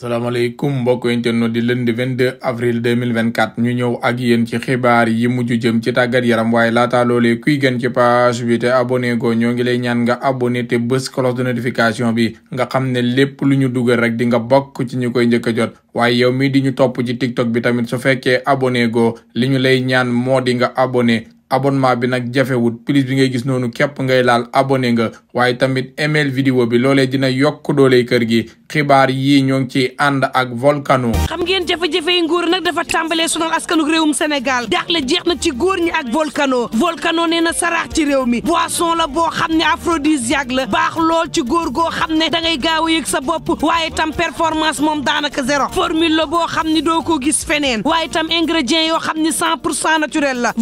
salaamaaleykum mbokk internet di lundi 22 avril 2024 ñu ñëw ak yéen ci xibaar yi mujj jëm ci tàggat yaram waaye laata loolee kuy gën ci page bi te abonné go ñoo ngi lay ñaan nga abonné te bës cloche de notification bi nga xam ne lépp lu ñu dugal rek di nga bokk ci ñu koy njëkk a jot waaye yow mii di ñu topp ci tiktok bi tamit su fekkee abonné go li ñu lay ñaan moo di nga abonné abonnement bi nag jafewut plus bi ngay gis noonu képp ngay laal abonné nga waaye tamit email vidéo bi loolee dina yokk dooley kër gi xibaar yii ñoo ngi ciy ànd ak volcano xam ngeen jafe-jafe yi nguur nag dafa tàmbalee sonal askanu réewum Sénégal daax la jeex na ci góor ñi ak volcano volcano nee na saraax ci réew mi boisson la boo xam ne aphrodisiaque la baax lool ci góor goo xam ne da ngay gaaw a sa bopp waaye tam performance moom daanaka zéro formule la boo xam ni doo ko gis feneen waaye tam ingrédients yoo xam ne cent pour cent naturel la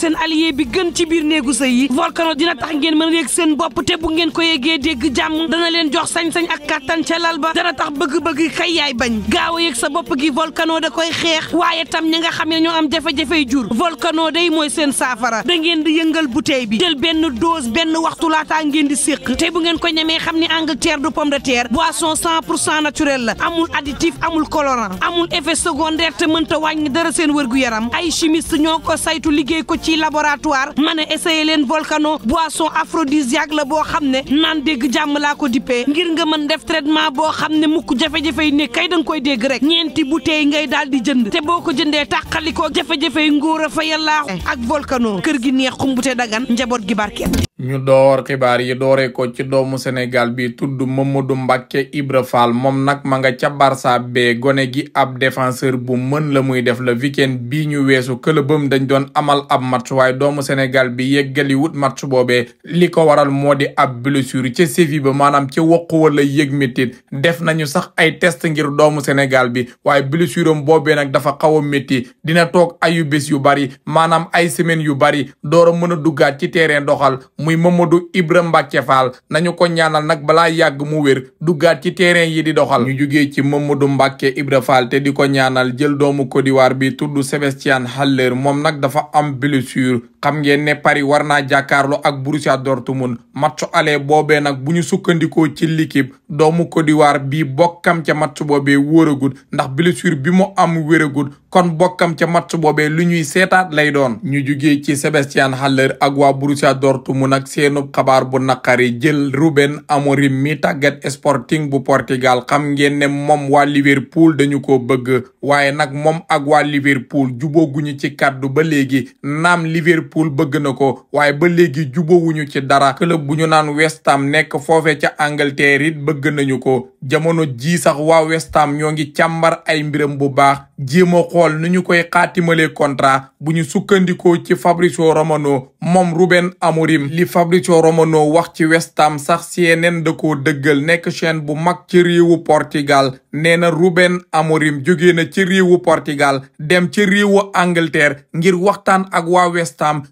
seen allié bi gën ci biir néegu sëy yi volcano dina tax ngeen mën a yëg seen bopp te bu ngeen ko yëgee dégg jàmm dana leen jox sañ-sañ ak kàttan ca lal ba dana tax bëgg-bëgg kay yaay bañ gaaw a yëg sa bopp gi volcano da koy xeex waaye tam ñi nga xam ne ñoo am jafe-jafey jur volcano day mooy seen saafara da ngeen di yëngal bouteille bi jël benn dose benn waxtu laataa ngeen di séq te bu ngeen ko ñemee xam ni Angleterre du pomme de terre boisson 100 pour cent naturel la amul additif amul colorant amul effet secondaire te mënta wàññi dara seen wërgu yaram ay chimiste ñoo ko saytu liggéey ko ci ci laboratoire ma ne essayé leen volcano boisson aphrodisiaque la boo xam ne nan dégg jàmm laa ko dippee ngir nga mën def traitement boo xam ne mukk jafe-jafe ne nekk kay da nga koy dégg rek ñeenti bouteille ngay daal di jënd te boo ko jëndee takkali ko jafe yi nguur a fa yàllaa ak volcano kër gi neex xumbute dagan njaboot gi barkeel ñu door xibaar yi doore ko ci doomu Sénégal bi tudd du Mbacke Ibra Fall moom nag ma nga ca Barça be gone gi ab defenseur bu mën la muy def la weekend bi ñu weesu këlëbam dañ doon amal ab match waaye doomu Sénégal bi yeggali wut match boobee li ko waral moo di ab blessure ca sévi ba maanaam ca woq wala yëg métit def nañu sax ay test ngir doomu Sénégal bi waaye blessure am boobee nag dafa xaw a métti dina toog ayu bés yu bari maanaam ay semaines yu bari door mën a duggaat ci terrain doxal muy Mamadou Ibra Mbacke Fall nañu ko ñaanal nag balaa yàgg mu wér duggaat ci terrain yi di doxal ñu ci Mamadou Mbacke Ibra Fall te di ko ñaanal jël doomu Côte d'Ivoire bi tudd Sébastien Haller moom nag dafa am blessure xam ngeen ne Paris war naa jàkkaarloo ak Borussia Dortmund match aller boobee nag bu ñu sukkandikoo ci l'équipe doomu Côte d'Ivoire bii bokkam ca match boobee wóoragul ndax blessure bi mu am wéragul kon bokkam ca match boobee lu ñuy seetaat lay doon. ñu jugee ci Sébastien Haller ak waa Borussia Dortmund nag seenub xabaar bu naqari jël Ruben Amorim mi tàggat Sporting bu Portugal xam ngeen ne moom waa Liverpool dañu ko bëgg waaye nag moom ak waa Liverpool jubóoguñu ci kàddu ba léegi naam Liverpool. Liverpool bëgg na ko waaye ba léegi jubowuñu ci dara club bu ñu naan West nekk foofe ca Angleterre it bëgg nañu ko jamono jii sax waa West ñoo ngi càmbar ay mbiram bu baax jéem a xool nu ñu koy katimalee contrat bu ñu sukkandikoo ci Fabrizio Romano moom Ruben Amorim li Fabrizio Romano wax ci West sax CNN da koo dëggal nekk chaîne bu mag ci réewu Portugal nee na Ruben Amorim jóge na ci réewu Portugal dem ci réewu Angleterre ngir waxtaan ak waa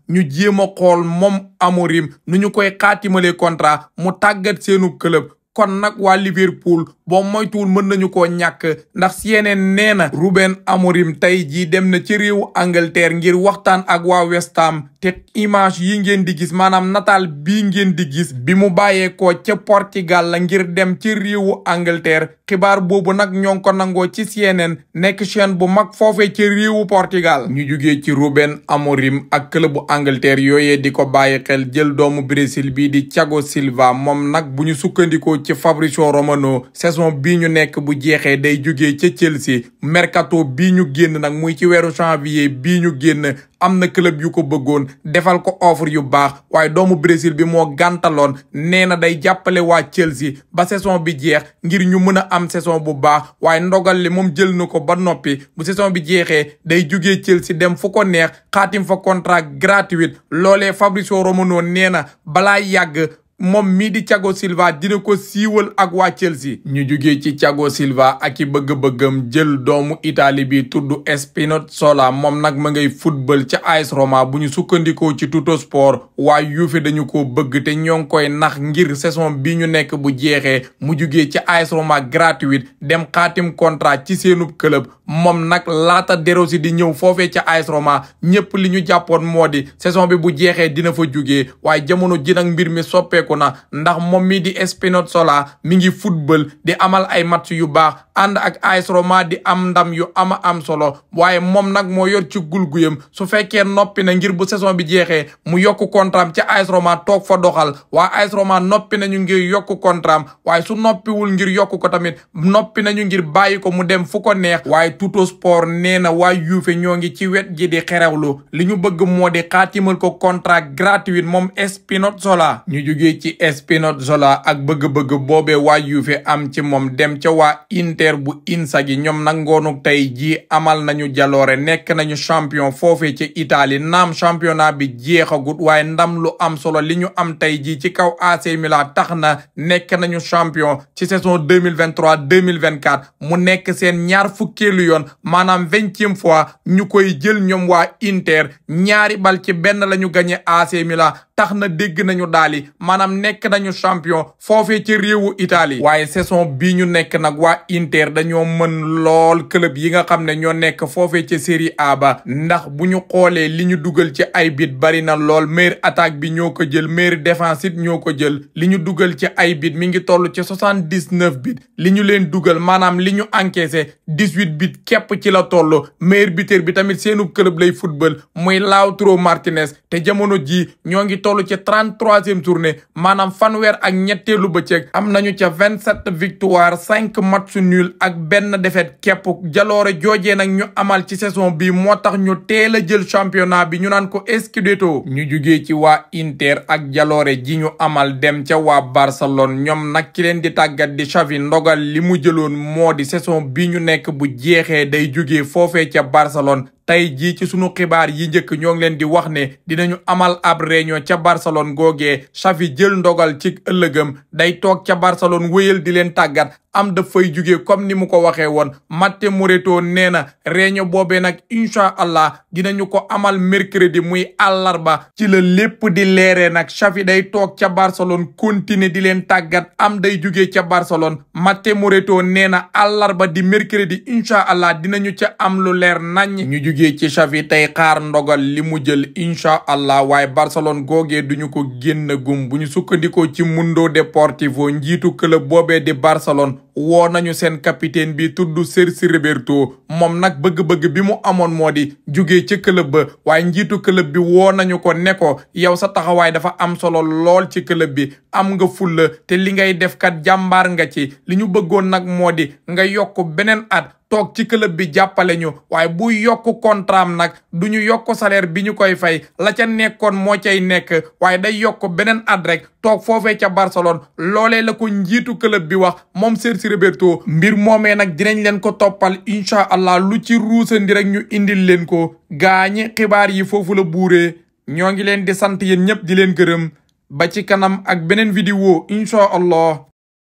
ñu jéem a xool mom Amorim nu ñu koy xaatimalee contrat mu tàggat seenu club kon nag waa Liverpool boo moytuwul mën nañu ko ñàkk ndax CNN nee na Ruben Amorim tey jii dem na ci réewu Angleterre ngir waxtaan ak waa te image yi ngeen di gis maanaam nataal bi ngeen di gis bi mu bàyyeekoo ca Portugal la ngir dem ci réewu Angleterre xibaar boobu nag ñoo ngi ko nangoo ci CNN nekk chaîne bu mag foofee ci réewu Portugal. ñu jugee ci Ruben Amorim ak club bu Angleterre di ko bàyyi xel jël doomu Brésil bii di Thiago Silva moom nag bu ñu sukkandikoo ci Fabrizio Romano saison bii ñu nekk bu jeexee day jógee ca Chelsea mercato bii ñu génn nag muy ci weeru janvier bii ñu génn am na club yu ko bëggoon defal ko offre yu baax waaye doomu Brésil bi moo gàntaloon nee na day jàppale waa Chelsea ba saison bi jeex ngir ñu mën a am saison bu baax waaye ndogal li moom jël na ko ba noppi bu saison bi jeexee day jógee Chelsea dem fu ko neex xaatim fa contrat gratuit loolee Fabrizio Romano nee na balaa yàgg moom mii di Thiago Silva dina ko siiwal ak waa Chelsea ñu juge ci cago Silva ak i bëgg-bëggam jël doomu itali bi tuddu Spinazzola moom nag ma ngay football ca AS Roma bu ñu sukkandikoo ci Tuttosport waa Juve dañu ko bëgg te ñoo koy nax ngir saison bi ñu nekk bu jeexee mu juge ca AS Roma gratuite dem xaatim contrat ci seenu club moom nag laata De di ñëw foofee ca AS Roma ñëpp li ñu jàppoon moo di saison bi bu jeexee dina fa jugee waaye jamono ji nag mbir mi soppeeku soppeeku na ndax moom mi di Spinazzola mi ngi football di amal ay match yu baax ànd ak AS di am ndam yu ama am solo waaye moom nag moo yor ci gulguyam su fekkee noppi na ngir bu saison bi jeexee mu yokk contraam ca AS toog fa doxal waa AS Roma noppi nañu ngir yokk contraam waaye su noppiwul ngir yokku ko tamit noppi nañu ngir bàyyi ko mu dem fu ko neex waaye Tuttosport nee na waa Juve ñoo ngi ci wet gi di xerewlu li ñu bëgg moo di xaatimal ko contrat gratuit moom Spinazzola ñu jógee ci Spinazzola ak bëgg-bëgg boobe waa Juve am ci moom dem ca waa Inter bu Inzaghi ñoom nag ngoonu tey jii amal nañu jaloore nekk nañu champion foofee ci Italie naam championnat bi jeexagut waaye ndam lu am solo li ñu am tey jii ci kaw AC Milan tax na nekk nañu champion ci saison 2023 2024 mu nekk seen ñaar fukkeelu yoon maanaam vingtième fois ñu koy jël ñoom waa Inter ñaari bal ci benn la ñu gagné AC Milan tax na dégg nañu daali maanaam maanaam nekk nañu champion foofee ci réewu Italie waaye saison bii ñu nekk nag waa Inter dañoo mën lool club yi nga xam ne ñoo nekk foofe ci Serie A ba ndax bu ñu xoolee li ñu dugal ci ay bit bari na lool mair attaque bi ñoo ko jël meilleur défense it ñoo ko jël li ñu dugal ci ay bit mi ngi toll ci soixante dix neuf bit li ñu leen dugal maanaam li ñu encaissé dix huit bit képp ci la toll meilleur buteur bi tamit seenu club lay football muy Lautaro Martinez te jamono jii ñoo ngi toll ci trente troisième maanaam fanweer ak ñetteelu bëccëg am nañu ca vingt sept victoire cinq match nul ak benn défaite képp jaloore joojee nag ñu amal ci saison bi moo tax ñu teel a jël championnat bi ñu naan ko scudetto ñu jugee ci waa Inter ak jaloore ji ñu amal dem ca waa Barcelone ñoom nag ki leen di tàggat di Xavi ndogal li mu jëloon moo di saison bi ñu nekk bu jeexee day jugee foofee ca Barcelone tey jii ci sunu xibaar yi njëkk ñoo ngi leen di wax ne dinañu amal ab réunion ca Barcelone googee Xavi jël ndogal ci ëllëgëm day toog ca Barcelone wéyal di leen tàggat am daf fay jugee comme ni mu ko waxee woon Matteo Moretto nee na réunion boobee nag incha allah dinañu ko amal mercredi muy àllarba ci la lépp di leeree nag Xavi day toog ca Barcelone continuer di leen tàggat am day juge ca Barcelone Matteo Moretto nee na àllarba di mercredi incha allah dinañu ca am leer nañ ñu jugee ci Xavi tey xaar ndogal li mu jël incha allah waaye Barcelone googe duñu ko génn gum bu ñu sukkandikoo ci Mundo Deportivo njiitu club boobee di Barcelone woo nañu seen capitaine bi tudd Sergi Roberto moom nag bëgg-bëgg bi mu amoon moo di jugee ci club ba waaye njiitu club bi woo nañu ko ne ko yow sa taxawaay dafa am solo lool ci club bi am nga fulla te li ngay def kat jàmbaar nga ci li ñu bëggoon nag moo di nga yokk beneen at toog ci club bi jàppale ñu waaye bu yokk contrat nag du ñu yokk salaire bi ñu koy fay la ca nekkoon moo cay nekk waaye day yokk beneen at rek toog foofee ca Barcelone loolee la ko njiitu club bi wax moom Sergi Roberto mbir moomee nag dinañ leen ko toppal incha allah lu ci ruusandi rek ñu indil leen ko gaañi xibaar yi foofu la buuree ñoo ngi leen di sant yéen ñëpp di leen gërëm ba ci kanam ak beneen vidéo incha allah